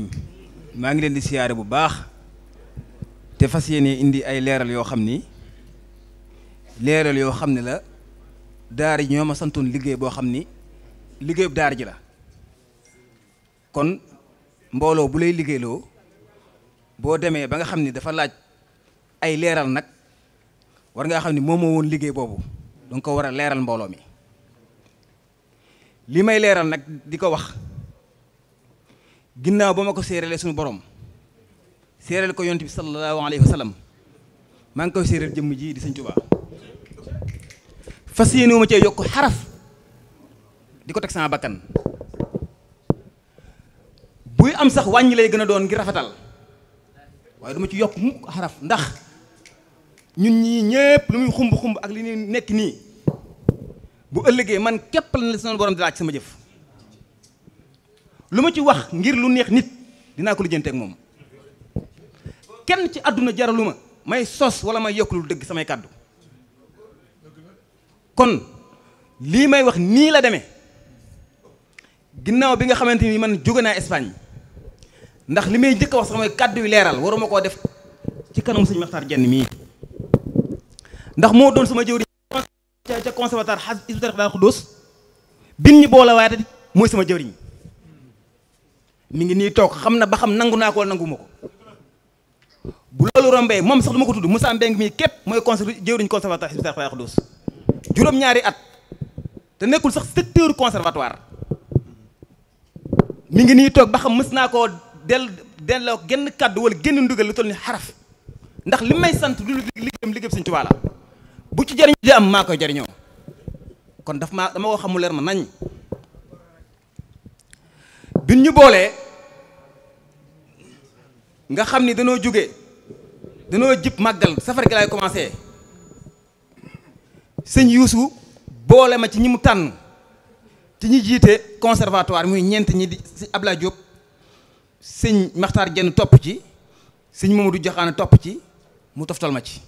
maa ngi leen di siyaare bu baax te fas yéene indi ay leeral yoo xam ni leeral yoo xam ne la daar ji ñoo ma santoon liggéey boo xam ni liggéeyub daara ji la kon mbooloo bu lay liggéeyloo boo demee ba nga xam ni dafa laaj ay leeral nag war ngaa xam ni moom moo woon liggéey boobu danga ko war a leeral mbooloo mi li may leeral nag di ko wax ginnaaw ba ma ko séeréele suñu borom séeréel ko yonent bi sallallahu alayhi wa sallam maa ngi koy séeréel jëmm ji di sañ Tuubaa fas yéene ma cee yokk xaraf di ko teg sama bakkan buy am sax wàññi lay gën a doon ngir rafetal waaye duma ci yokk mukk xaraf ndax ñun ñii ñépp lu muy xumb xumb ak li nekk nii bu ëllëgee man képp la na suñu borom di sama jëf lu ma ci wax ngir lu neex nit dinaa ko lijjante ak moom kenn ci àdduna jaralu ma may sos wala may yokk lu dëgg samay kàddu kon lii may wax nii la demee ginnaaw bi nga xamante ni man jóge naa Espagne ndax li may njëkk a wax samay mooy kàddu yu leeral waruma koo def ci kanam sëñ Maxtaar Jenn mii ndax moo doon sama jëwriñ ca conservatoire xas isbitar daa xuddoos bin ñu boole waaye mooy sama jëwriñ mi ngi nii toog xam na ba xam nangu naa ko nangu ko bu loolu rombee moom sax du ma ko tudd Moussa Mbengue mii képp mooy conserv jëwriñ conservatoire Hizbut Tarqiyyah Khoudoss juróom-ñaari at te nekkul sax secteur conservatoire mi ngi nii toog ba xam mës naa koo del delloo genn kàddu wala genn ndugal lu toll ni xaraf ndax li may sant li liggéeyam liggéeyam Sëñ Tuubaa la bu ci jariñ di am maa koy jariñoo kon daf maa dama ko xamul leer ma nañ bi ñu boolee nga xam ni danoo jóge danoo jib màggal safar gi laay commencé sëñ Yuusu boole ma ci ñi mu tànn ci ñi jiite conservatoire muy ñeent ñi di si Ablaye jóg sëñ Maxtaar Jenn topp ci sëñ Mamadou Jaxaane topp ci mu toftal ma ci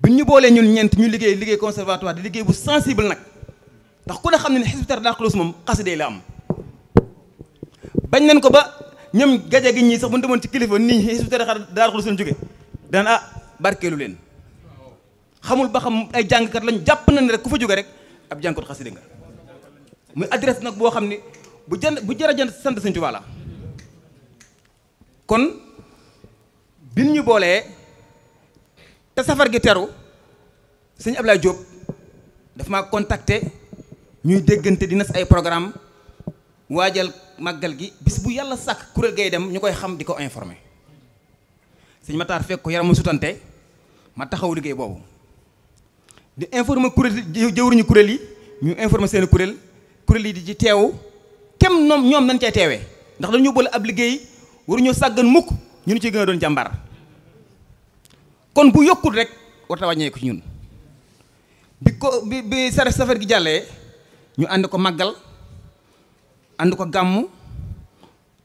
bu ñu boolee ñun ñeent ñu liggéey liggéey conservatoire di liggéey bu sensible nag ndax ku ne xam ne ne Hizbut Tarqiyyah Khouloss moom xasida la am bañ nañ ko ba ñoom gaja gi ñii sax bu ñu demoon ci kilifa nii xisbu tarixa daara xul seen jóge daan ah barkeelu leen xamul ba xam ay jàngkat lañ jàpp na ne rek ku fa jóge rek ab jàngkat xasida nga muy adresse nag boo xam ne bu jën bu jërë jan sant Sëñ Tuubaa la kon bin ñu boolee te safar gi teru sëñ Ablaye Diop daf maa contacté ñuy déggante di nas ay programme waajal màggal gi bis bu yàlla sàkk kuréel gay dem ñu koy xam di ko informé sëñ Matar fekk ko yaramu sutante ma taxaw liggéey boobu di informe kuréel jëwriñu kuréel yi ñu informer seen kuréel kuréel yi di ci teew kem ñoom ñoom nañ cay teewee ndax dañu boole ab liggéey waruñoo sàggan mukk ñu ni ci gën a doon jàmbar kon bu yokkul rek war wàññeeku ci ñun bi ko bi bi sare safar gi jàllee ñu ànd ko màggal ànd ko gàmmu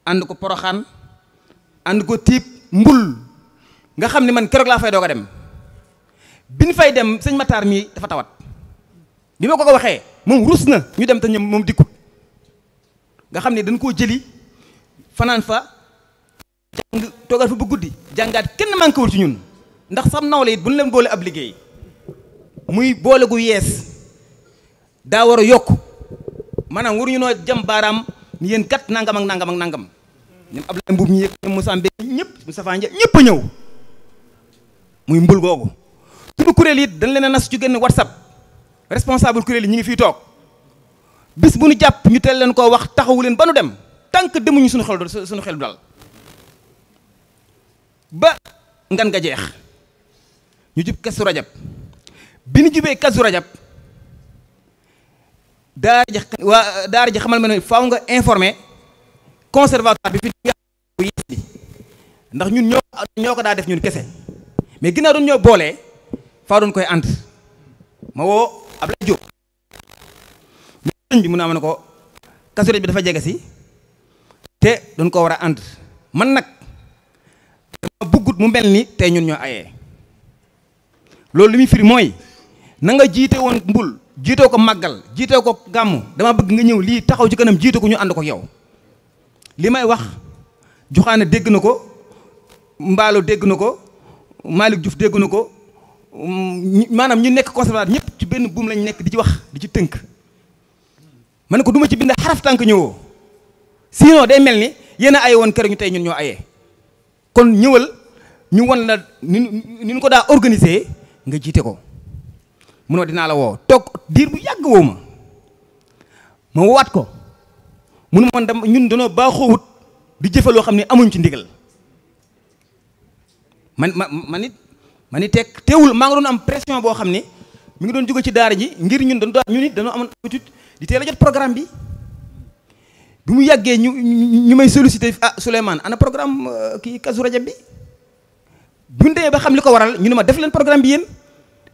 ànd ko poroxaan ànd ko tiib mbul nga xam ne man keroog laa fay doog dem bi ñu fay dem sëñ Matar mii dafa tawat bi ma ko ko waxee moom rus na ñu dem te ñoom moom dikkut nga xam ne dañ koo jëli fanaan fa jàng toogal fa bu guddi jàngaat kenn mànkewul ci ñun ndax sam nawle it bu ñu leen boole ab liggéey muy boole gu yees daa war a yokk maanaam ñu noo jëm baaraam ni yéen kat nangam ak nangam ak nangam ñoom Abdoulaye Mbuub ñi ñoom Moussa Mbe ñëpp Moustapha ñëpp ñëw muy mbul googu suñu kuréel yi dañ leen a nas ci gën whatsapp responsable kuréel yi ñu ngi fiy toog bis bu ñu jàpp ñu teel leen ko wax taxawu leen ba nu dem tànk demuñu suñu xel suñu xel dal ba ngan nga jeex ñu jub kasu rajab bi ñu jubee kasu rajab daara ji waa daara ji xamal ma ne faaw nga informé conservatoire bi fi ndax ñun ñoo ñoo ko daa def ñun kese mais ginnaaw doon ñoo boolee faa doon koy ànd ma woo Abdoulaye Diop sëñ bi mun naa ma ne ko Kazu bi dafa jege si te doon ko war a ànd man nag dama buggut mu mel ni tey ñun ñoo ayee loolu li muy firi mooy na nga jiite woon mbul jiitoo ko màggal jiitoo ko gàmmu dama bëgg nga ñëw lii taxaw ci kanam jiitu ko ñu ànd ko yow li may wax Juxaane dégg na ko Mbaalo dégg na ko Malick Diouf dégg na ko maanaam ñu nekk conservateur ñëpp ci benn buum lañ nekk di ci wax di ci tënk ma ne ko duma ci bind xaraf tànk ñëwoo sinon day mel ni yéen a aye woon kër ñu tey ñun ñoo ayee kon ñëwal ñu won la ni ñu ko daa organiser nga jiite ko mu ne dinaa la woo toog diir bu yàgg woo ma ma waat ko mun ne man dama ñun danoo baaxoowut di jëfe loo xam ne amuñ ci ndigal man ma man it man it teg teewul maa ngi doon am pression boo xam ne mu ngi doon jóge ci daara ji ngir ñun dañu doon ñun it dañoo amoon habitude di teel a jot programme bi. bi mu yàggee ñu ñu may sollicité ah Souleymane ana programme euh, kii Kazu Rajab bi bu ñu demee ba xam li ko waral ñu ne ma def leen programme bi yéen.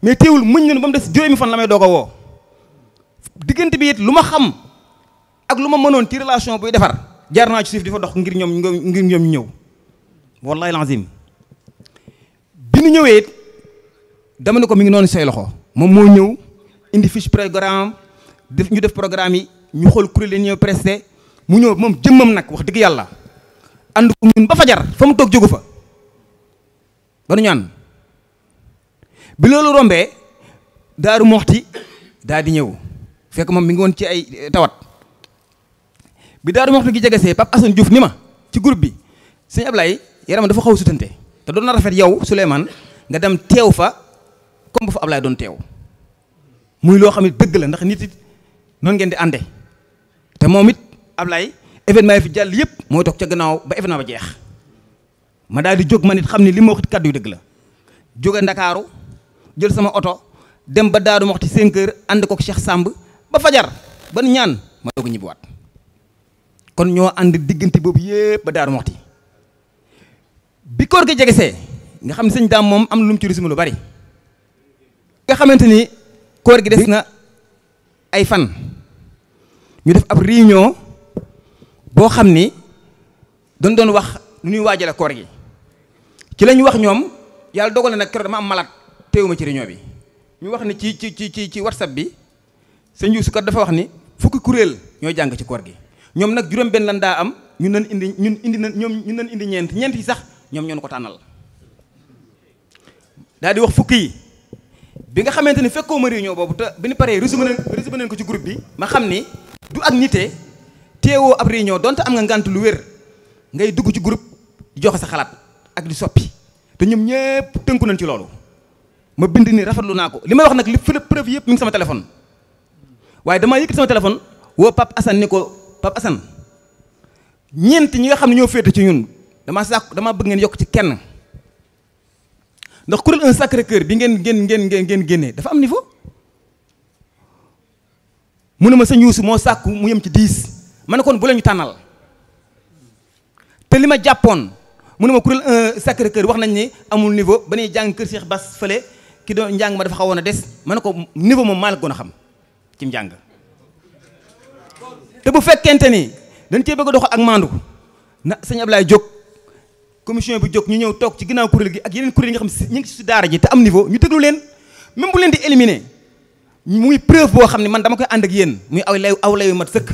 mais teewul muñ leen ba mu des juróomi fan la may doog ko woo diggante bi it lu ma xam ak lu ma mënoon ci relation buy defar jaar naa ci suuf di fa dox ngir ñoom ngir ñoom ñu ñëw wallahi lazim bi ñu ñëwee dama ne ko mi ngi noonu say loxo moom moo ñëw indi fiche programme def ñu def programme yi ñu xool kuréel yi ñëw presté mu ñëw moom jëmmam nag wax dëgg yàlla ànd ko ñun ba fajar fa mu toog jógu fa ba nu ñaan bi loolu rombee daaru moxti daa di ñëw fekk moom mi ngi woon ci ay eh, tawat bi daaru moxti gi jegesee Pape Assane Diouf ni ma ci groupe bi sëñ Ablaye yaram dafa xaw a te doon na rafet yow Souleymane nga dem teew fa comme bu fa Ablaye doon teew muy loo xam ne dëgg la ndax nit it noonu ngeen di ànde te moom it Ablaye événement yi fi jàll yëpp mooy toog ca gannaaw ba événement ba jeex ma daal di jóg ma it xam ne li ma wax kàddu yu dëgg la jóge Ndakaaru jël sama oto dem ba Daaru Moxti cinq heures ànd ko Cheikh sàmb ba fajar ban ñaan ma doog a ñibbiwaat kon ñoo ànd diggante boobu yëpp ba Daaru Moxti bi koor gi jegesee nga xam ne sëñ daam moom am na lu mu ci risme lu bari nga xamante ni koor gi des na ay fan ñu def ab réunion boo xam ni doon doon wax nu ñuy waajale koor gi ci lañ wax ñoom yàlla dogal na nag keroog dama am malade teewuma ci réunion bi ñu wax ne ci ci ci ci ci whatsapp bi sëñ Youssou kat dafa wax ni fukki kuréel ñoo jàng ci koor gi ñoom nag juróom-benn lan daa am ñu nan indi ñun indi na ñoom ñu nan indi ñeent ñeent yi sax ñoom ñoo ko tànnal daal di wax fukki yi bi nga xamante ni fekkoo ma réunion boobu te bi ñu paree résumé résumé nañ ko ci groupe bi ma xam ni du ak nite teewoo ab réunion donte am nga ngant lu wér ngay dugg ci groupe di joxe sa xalaat ak di soppi te ñoom ñëpp tënku nañ ci loolu ma bind ni rafetlu naa ko li may wax nag li fële preuve yëpp mi ngi sama téléphone waaye damaa yëkkati sama téléphone woo Pape Assane ni ko Pape assan ñeent ñi nga xam ne ñoo féete ci ñun dama sàkk dama bëgg ngeen yokk ci kenn ndax kuréel un sacré cœur bi ngeen ngeen ngeen ngeen génnee dafa am niveau mu ne ma sa ñuusu moo sàkku mu yem ci dix ma ne kon bu la ñu tànnal te li ma jàppoon mu ne ma kuréel un sacré wax nañ ni amul niveau ba ñuy jàng kër Cheikh Bass fële ki doon njàng ma dafa xawoon a des ma ne ko niveau moom maa la xam ci njàng te bu fekkente ni dañ cee bëgg a dox ak maandu na sëñ Ablaye jóg commission bi jóg ñu ñëw toog ci ginnaaw kuréel gi ak yeneen kuréel yi nga xam ñu ngi si daara ji te am niveau ñu déglu leen même leen di éliminer muy preuve boo xam ne man dama koy ànd ak yéen muy aw lay aw layu mat sëkk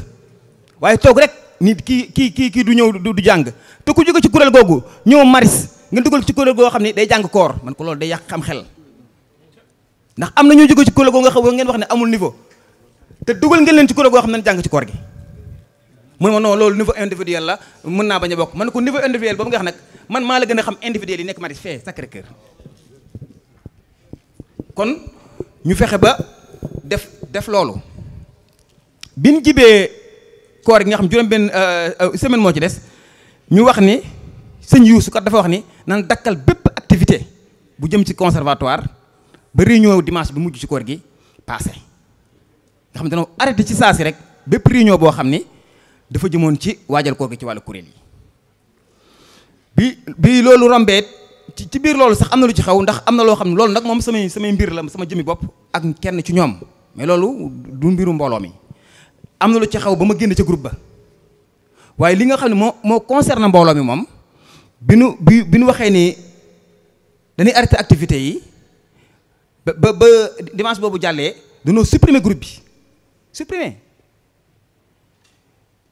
waaye toog rek nit ki kii kii kii du ñëw du jàng te ku jóge ci kuréel googu ñëw maris nga dugal ci kuréel goo xam ne day jàng koor man ko loolu day yàq xam xel ndax am na ñoo jóge ci kuréel goo nga xam ngeen wax ne amul niveau te dugal ngeen leen ci kuréel goo xam ne jàng ci koor gi mu ne ma non loolu niveau individuel la mën naa bañ a bokk man ko niveau individuel boobu nga xam nag man maa la gën a xam individuel yi nekk Maris fee Sacré Cœur kon ñu fexe ba def def loolu biñ jibee koor gi nga xam juróom benn euh, euh, semaine moo ci des ñu wax ni sëñ Yuusu kat dafa wax ni nan dakkal bépp activité bu jëm ci conservatoire ba réunion dimanche bi mujj ci koor gi passé nga xam dana arrêté ci saa si rek bépp réunion boo xam ni dafa jëmoon ci waajal koor gi ci wàllu kuréel yi bi bi loolu rombee ci ci biir loolu sax am na lu ci xew ndax am na loo xam ne loolu nag moom samay samay mbir la sama jëmi bopp ak kenn ci ñoom mais loolu du mbiru mbooloo mi am na lu ci xew ba ma génn ca groupe ba waaye li nga xam ne moo moo concerne mbooloo mi moom bi nu bi bi nu waxee ni dañuy arrêté activités yi ba ba ba dimanche boobu jàllee dañoo supprimer groupe bi supprimer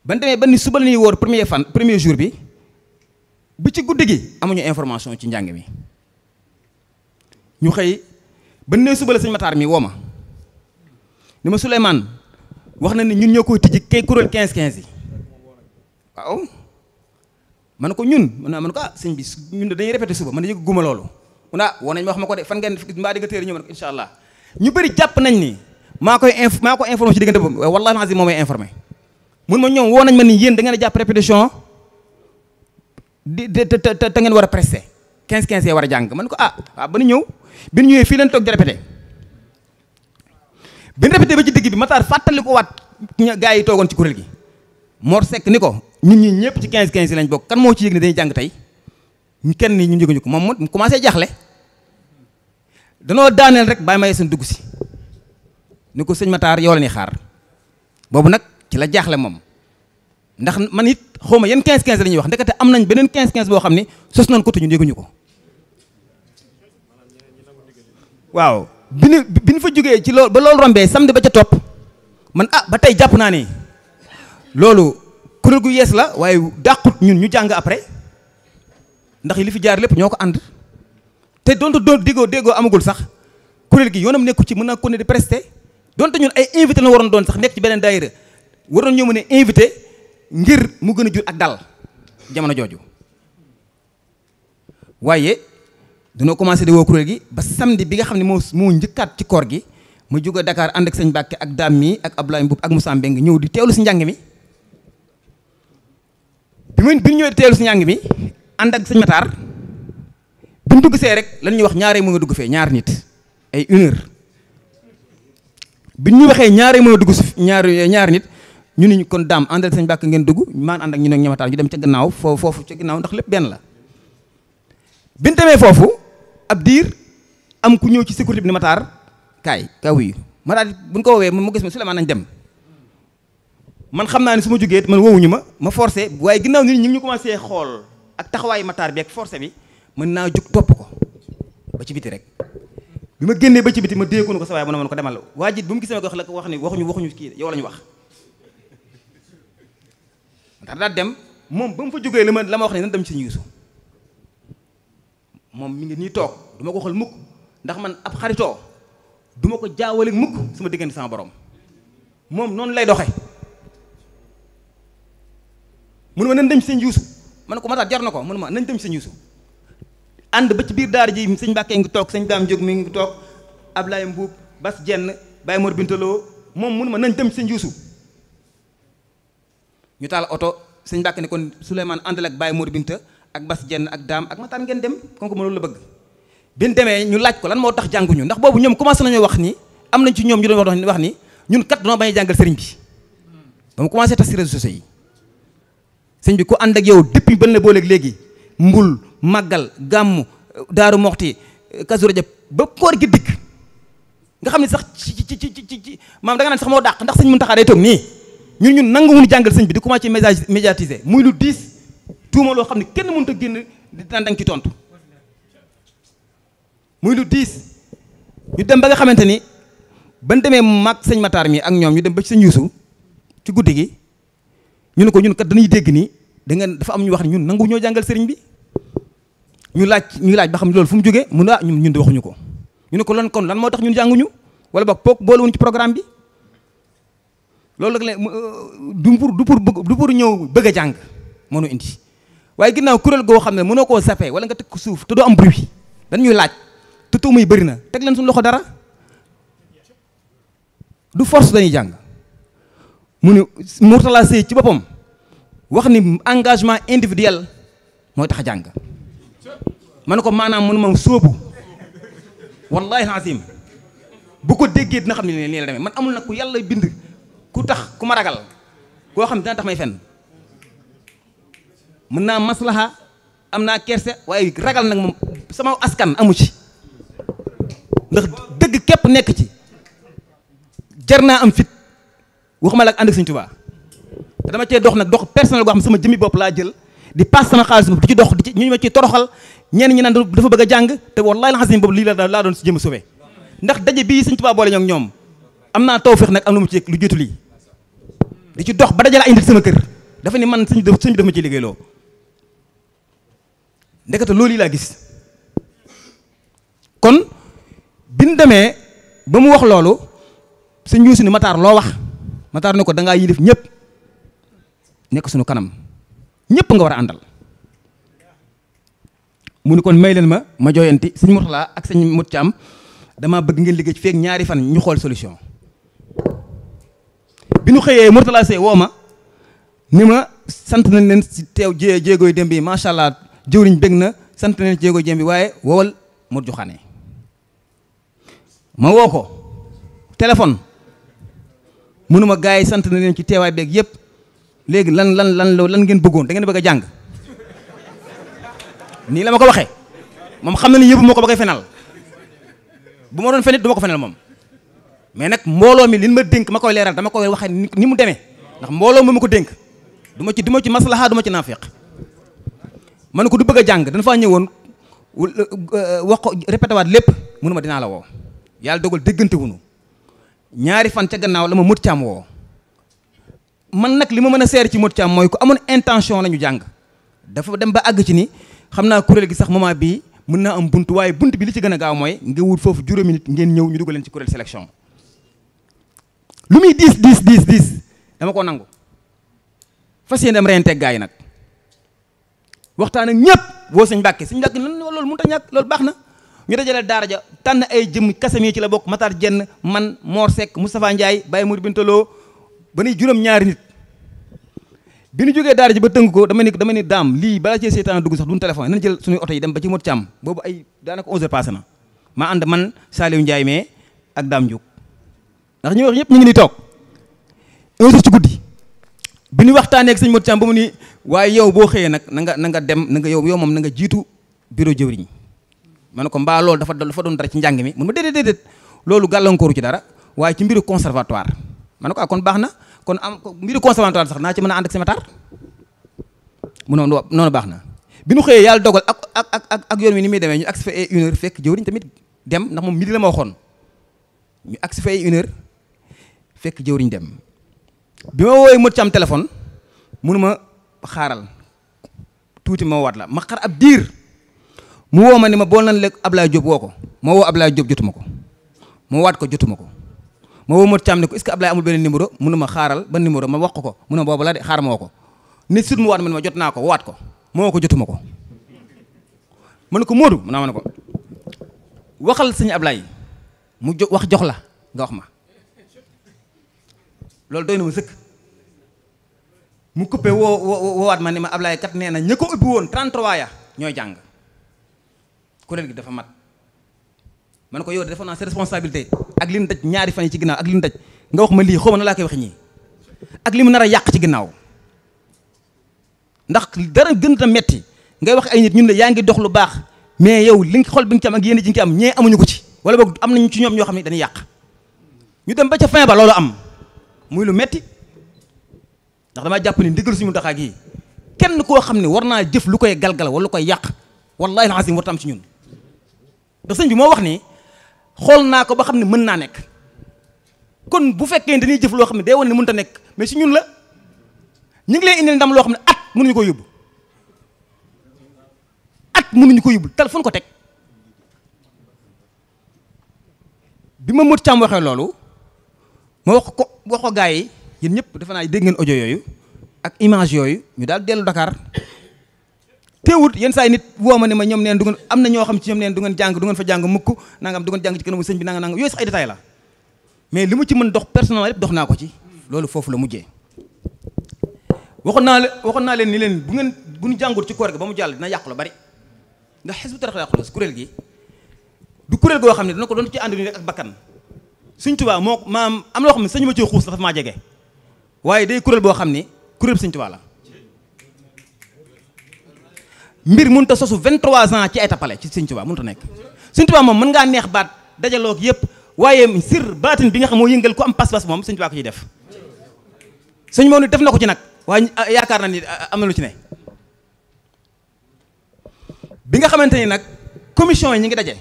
ban demee ba ni suba la ñuy wóor premier fan premier jour bi bi ci guddi gi amuñu information ci njàng mi ñu xëy ba nee suba la sëñ Matar mi woo ma ni ma Souleymane wax na ni ñun ñoo koy tijji kay kuréel 15 15 yi waaw man ko ñun man naa man ko ah sëñ bi ñun dañuy répété suba man yëg guma loolu. mun ah woo nañ ma wax ma ko de fan ngeen mbaa di nga téere ñëw ma ne ko incha allah ñu bëri jàpp nañ ni maa koy inf maa ko informé ci diggante boobu wallahi lazim moo mun ma ñoom woo nañ ma ni yéen da ngeen a jàpp répétition di te te ngeen war a pressé quinze 15 yee war a jàng man ko ah ba nu ñëw bi ñu ñëwee fii leen toog di répété bi ñu répété ba ci digg bi Matar fàttali ko waat gaa yi toogoon ci kuréel gi Mor Seck ni ko ñun ñi ñëpp ci 15 15 lañ bokk kan moo ci yëg ne dañuy jàng ñu kenn ni ñu njëguñu ko moom mu commencé jaaxle danoo daaneel rek bàyyi may seen dugg si ni ko sëñ Matar yow la ñuy xaar boobu nag ci la jaaxle moom ndax man it xawma yan 15 15 la ñuy wax ndekete am nañ beneen 15 15 boo xam ne sos nañ ko te ñun yëguñu ko waaw bi ñu bi ñu fa jógee ci lool ba loolu rombee samedi ba ca topp man ah ba tey jàpp naa ne loolu kuréel gu yees la waaye dàqut ñun ñu jàng après. ndax li fi jaar lépp ñoo ko ànd te donte doon déggoo déggoo amagul sax kuréel gi yoonam nekku ci mën naa ko ne di presté donte ñun ay invité la waroon doon sax nekk ci beneen daayira waroon ñoo mën a invité ngir mu gën a jur ak dal jamono jooju waaye dañoo commencé de woo kuréel gi ba samedi bi nga xam ne moo moo njëkkaat ci koor gi ma jóge Dakar ànd ak sëñ Mbàkke ak daam mi ak Abdoulaye Mbuub ak Moussa Mbeng ñëw di teewlu si njàng mi bi mu bi njàng mi ànd ak sëñ Matar bu ñu dugg see rek lan ñuy wax ñaaree moo nga dugg fee ñaar nit ay une heure bi ñu waxee ñaaree moo dugg si ñaar ñaar nit ñu ne ñu kon daam ànd ak sëñ ngeen dugg maan ànd ak ñu ne ñamataar ñu dem ca gannaaw foofu foofu ca gannaaw ndax lépp benn la bi foofu ab diir am ku ñëw ci sécurité bi ne kaay kaa wuyu ma daal bu ñu ko mu gis ma Souleymane nañ dem man xam naa ne su ma jógee man woowuñu ma ma forcé waaye ginnaaw nit ñi ngi ñu commencé xool. ak taxawaayu mataar bi ak force bi mën naa jug topp ko ba ci biti rek bi ma génnee ba ci biti ma déekoonu ko sa waay a ne ma ko demal waa ji bu mu gisee ma ko wax la ko wax ni waxuñu waxuñu kii yow la ñu wax ndax daa dem moom ba mu fa jógee la ma la wax ne nan dem ci Yuusu moom mi ngi nii toog du ma ko ndax man ab xaritoo du ko jaawale mukk sama diggante sama borom moom noonu lay doxe nan dem ci seen Yuusu man ko ma tax jar na ko mënuma nañ dem sëñ Yuusu ànd ba ci biir daara ji sëñ Mbàkke ngi toog sëñ Daam Jóg mi ngi toog Ablaye Mbuub Bas Jenn Baye Mor Bintaloo moom mënuma nañ dem sëñ Yuusu ñu taal oto sëñ Mbàkke ne kon Souleymane àndal ak Baye Mor Binta ak Bas Jenn ak Daam ak Mataan ngeen dem kon ko mënul la bëgg biñ demee ñu laaj ko lan moo tax jànguñu ndax boobu ñoom commencé nañoo wax ni am nañ ci ñoom ñu doon wax ni ñun kat dañoo bañ a jàngal sëriñ bi ba mu commencé tas si réseaux sociaux yi sëñ bi ku ànd ak yow depuis ban la booleeg léegi mbul màggal gàmm daaru moxti kazu rajab ba koor gi dikk nga xam ne sax ci ci ci ci ci maam da nga sax moo dàq ndax sëñ Muntaxa day toog nii ñu ñun nangu mun jàngal sëñ bi di commencé message médiatiser muy lu diis tuuma loo xam ne kenn mënut a génn di daan da nga ci tontu muy lu diis ñu dem ba nga xamante ni ban demee mag sëñ Matar mi ak ñoom ñu dem ba ci sëñ Yuusu ci guddi gi ñu ne ko ñun kat danañuy dégg nii da dafa am ñu wax ne ñun nangu ñoo jàngal sëriñ bi ñu laaj ñu laaj ba xam loolu fu mu jógee mun a ah ñun di de waxuñu ko ñu ne ko lan kon lan moo tax ñun jànguñu wala boog pook boolewuñ ci programme bi loolu nag euh, du pour du pour du pour ñëw bëgg a jàng moo ñu indi waaye ginnaaw kuréel goo xam ne mënoo koo sapee wala nga teg ko suuf te doo am bruit dañ dañuy laaj te tuuma yi bëri na teg leen suñu loxo dara du force dañuy jàng. mu ni Mourtala Seye ci boppam wax ni engagement individuel mooy tax a jàng ma ne ko maanaam mënu ma sóobu wallahi azim bu ko déggee dina xam ne nii la demee man amul nag ku yàlla bind ku tax ku ma ragal koo xam dina tax may fen mën naa maslaha am naa kerse waaye ragal nag moom sama askan amu ci ndax dëgg képp nekk ci jar naa am fit waxuma la ak ànd ak Sëñ Tuubaa dama cee dox nag dox personnel goo xam sama jëmmi bopp laa jël di paas sama xaalis bopp di ci dox di ci ñu ma ciy toroxal ñenn ñi naan dafa bëgg a jàng te wallaahi la xasim boobu lii la laa doon si jëm sauvé ndax daje bii Sëñ Tuubaa boole ñoom ñoom am naa tawfeex nag am lu mu ci lu jiitu lii di ci dox ba dajale ay sama kër dafa ni man sëñ sëñ ma ciy liggéeyloo ndekete loolu yi laa gis kon bi demee ba mu wax loolu sëñ Yuusu ni Mataar loo wax Matar ne ko da ngaa yilif ñëpp nekk suñu kanam ñëpp nga war a àndal. mu ne kon may leen ma ma jooyanti sëñ Mourtala ak sëñ Mout Thiam damaa bëgg ngeen liggéey ci feek ñaari fan ñu xool solution. bi nu xëyee Mourtala Seye woo ma ni ma sant nañ leen si teew jé jéegooy dem bi macha allah jëwriñ bëgg na sant nañ ci jéegooy dem bi waaye wowal Modou Dioukhane ma woo ko téléphone. mënuma gars yi sant na leen ci teewaay beeg yëpp léegi lan lan lan lan ngeen bëggoon da ngeen bëgg a jàng nii la ma ko waxee moom xam na ni yëpp moo ko bëgg a fenal bu ma doon fenit du ma ko fenal moom mais nag mbooloo mi lin ma dénk ma koy leeral dama koy waxee ni mu demee ndax mbooloo mi ma ko dénk du ma ci du ma ci maslaha du ma ci naafiq man ko du bëgg a jàng dana faa woon euh, wax ko répété lépp mënuma dinaa la woo yàlla dogal déggante wuñu ñaari fan ca gannaaw la ma mët caam woo man nag li ma mën a seer ci mët caam mooy ku amoon intention la ñu jàng dafa dem ba àgg ci ni xam naa kuréel gi sax moment bii mën naa am bunt waaye bunt bi li ci gën a gaaw mooy nga wut foofu juróomi nit ngeen ñëw ñu dugal leen ci kuréel sélection lu muy diis diis diis diis dama ko nangu fas yéene dem reyanteeg gaa yi nag waxtaan ak ñëpp woo suñ mbàkke suñ mbàkke loolu mënut a ñàkk loolu baax na ñu dajale daara ja tànn ay jëm kasami ci la bokk Matar Jenn man Mor Seck Moustapha Ndiaye Baye Mour Bintaloo ba ni juróom-ñaari nit bi ñu jógee daara ji ba tënk ko dama ni dama ni daam lii bala cee seetaan dugg sax duñ téléphone nañ jël suñuy oto yi dem ba ci mot càmm boobu ay daanaka 11 heures na maa ànd man Saliou Ndiaye mais ak daam Ndiouk ndax ñu wax ñëpp ñu ngi ni toog 11 ci guddi bi ñu waxtaanee ak sëñ mot càmm ba mu ni waaye yow boo xëyee nag na nga na nga dem na nga yow yow moom na nga jiitu bureau jëwriñ ma ne mbaa loolu dafa dafa doon dara ci njàng mi mun ma déedéet déedéet loolu gàllankooru ci dara waaye ci mbiru conservatoire ma ne ko ah, kon baax na kon am mbiru conservatoire sax naa ci mën a ànd ak sama noonu baax na bi nu xëyee yàlla dogal ak ak ak ak yoon wi ni muy demee ñu agsi fa une heure fekk jëwriñ tamit dem ndax moom midi la ma waxoon ñu agsi fa une heure fekk jëwriñ dem bi ma woowee mët ci am téléphone mënu ma xaaral tuuti ma waat la diir mu woo ma ni ma boo nañ lekk Ablaye Diop woo ko moo woo Ablaye Diop jotuma ko ma waat ko jotuma ko ma woo Modou Thiam ne ko numéro mu ne ma xaaral ba numéro ma wax ko ko mu ne boobu la de xaaral ko nit sut mu waat ma ne ma jot naa ko waat ko ma woo ko jotuma ko ma ne ko Modou mu naa ma ko waxal sëñ Ablaye mu jo wax jox la nga wax ma loolu doy na ma sëkk mu coupé woo woo woowaat ma ne ma ablaay kat nee na ña ko ubbi woon 33 ya ñooy jàng kuréel gi dafa mat ma ne ko yow de defoon naa sa responsabilité ak li mu ñaari fan yi ci ginnaaw ak li mu daj nga wax ma lii xaw na laa koy wax ñii ak li mu nar a yàq ci ginnaaw ndax dara gën a metti ngay wax ay nit ñun la yaa ngi dox lu baax mais yow li nga xol bi nga cam am ak yéen ji nga am ñee amuñu ko ci wala boog am nañu ci ñoom ñoo xam ne dañuy yàq ñu dem ba ca fin ba loolu am muy lu metti ndax dama jàpp ni ndigal suñu taxaa gi kenn koo xam ne war naa jëf lu koy galgal wala koy yàq wallahi alazim war tam ci ñun ndax sëñ bi moo wax ni xool naa ko ba xam ne mën naa nekk kon bu fekkee dañuy jëf loo xam ne day wane ne mënut a nekk mais si ñun la ñu ngi leen indil ndam loo xam ne at mënuñu ko yóbbu at mënuñu ko yóbbu téléphone ko teg bi ma mët càmm waxee loolu ma wax ko wax ko gars yi yéen ñëpp defe naa dégg ngeen audio yooyu ak image yooyu ñu daal dellu Dakar. teewut yenn saa nit woo ma ne ñoom neen du am na ñoo xam ci ñoom neen du ngeen jàng du ngeen fa jàng mais li mu ci mën dox personnel yëpp dox naa ko ci loolu foofu la mujjee waxoon naa leen waxoon naa leen ni leen bu ngeen bu ñu jàngut ci ba mu jàll dina yàq la bari ndax xis bu taraxlaa xulus kuréel gi du kuréel goo xam ne dana ko doon ci ànd ni rek ak bakkan suñ tubaa moo maam am loo xam ne sañu ma ci xuus dafa maa jege waaye day kuréel boo xam ne kuréel bi suñ tubaa la mbir mënut a sosu 23 ans ci ay tapale ci Sëñ Tuubaa mënut a nekk Sëñ Tuubaa moom mën ngaa neex baat dajaloo ak yëpp waaye sir baatin bi nga xam moo yëngal ku am pas-pas moom Sëñ Tuubaa ko ciy def def na ko ci nag waaye yaakaar na ni ah, ah, am na ci ne bi nga xamante ni nag commission yi ñu ngi daje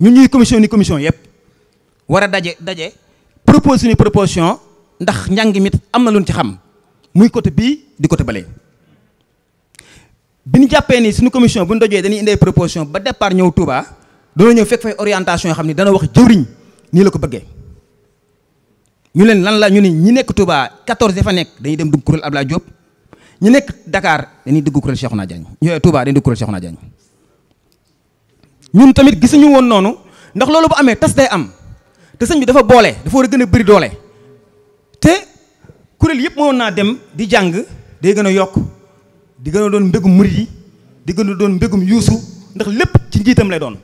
ñu ñuy commission ni commission yëpp war a daje daje propose suñu proposition ndax njàng mi am na lu ci xam muy côté bii di côté bale bi ñu jàppee ni suñu commission bu ñu dojee dañuy indi ay proposition ba départ ñëw Touba dañoo ñëw fekk fay orientation yoo xam ne dana wax jëwriñ nii la ko bëggee ñu leen lan la ñu ne ñi nekk Touba 14 dafa nekk dañuy dem dugg kuréel Abdoulaye Diop ñi nekk dakaar dañuy dugg kuréel Cheikhouna Diagne ñu Touba dañuy dugg kuréel Cheikhouna Diagne ñun tamit gisuñu woon noonu ndax loolu bu amee tas day am te sëñ bi dafa boole dafa war a gën a bëri doole te kuréel yëpp woon naa dem di jàng day gën a yokk. di gën a doon mbégum murid yi di gën doon mbégum yuusu ndax lépp ci njiitam lay doon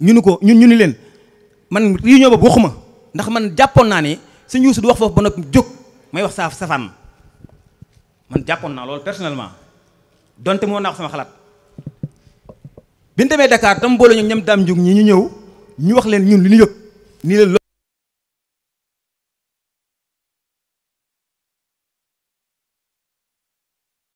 ñu ni ko ñun ñu ni leen man réunion boobu waxuma ndax man jàppoon naa ni sëñ yuusu du wax foofu ba noppi jóg may wax saaf safaan man jàppoon naa loolu personnellement donte moo naa ko sama xalaat bi ñu demee Dakar tam boole ñoom ñam daam jóg ñi ñu ñëw ñu wax leen ñun li ñu yëg nii leen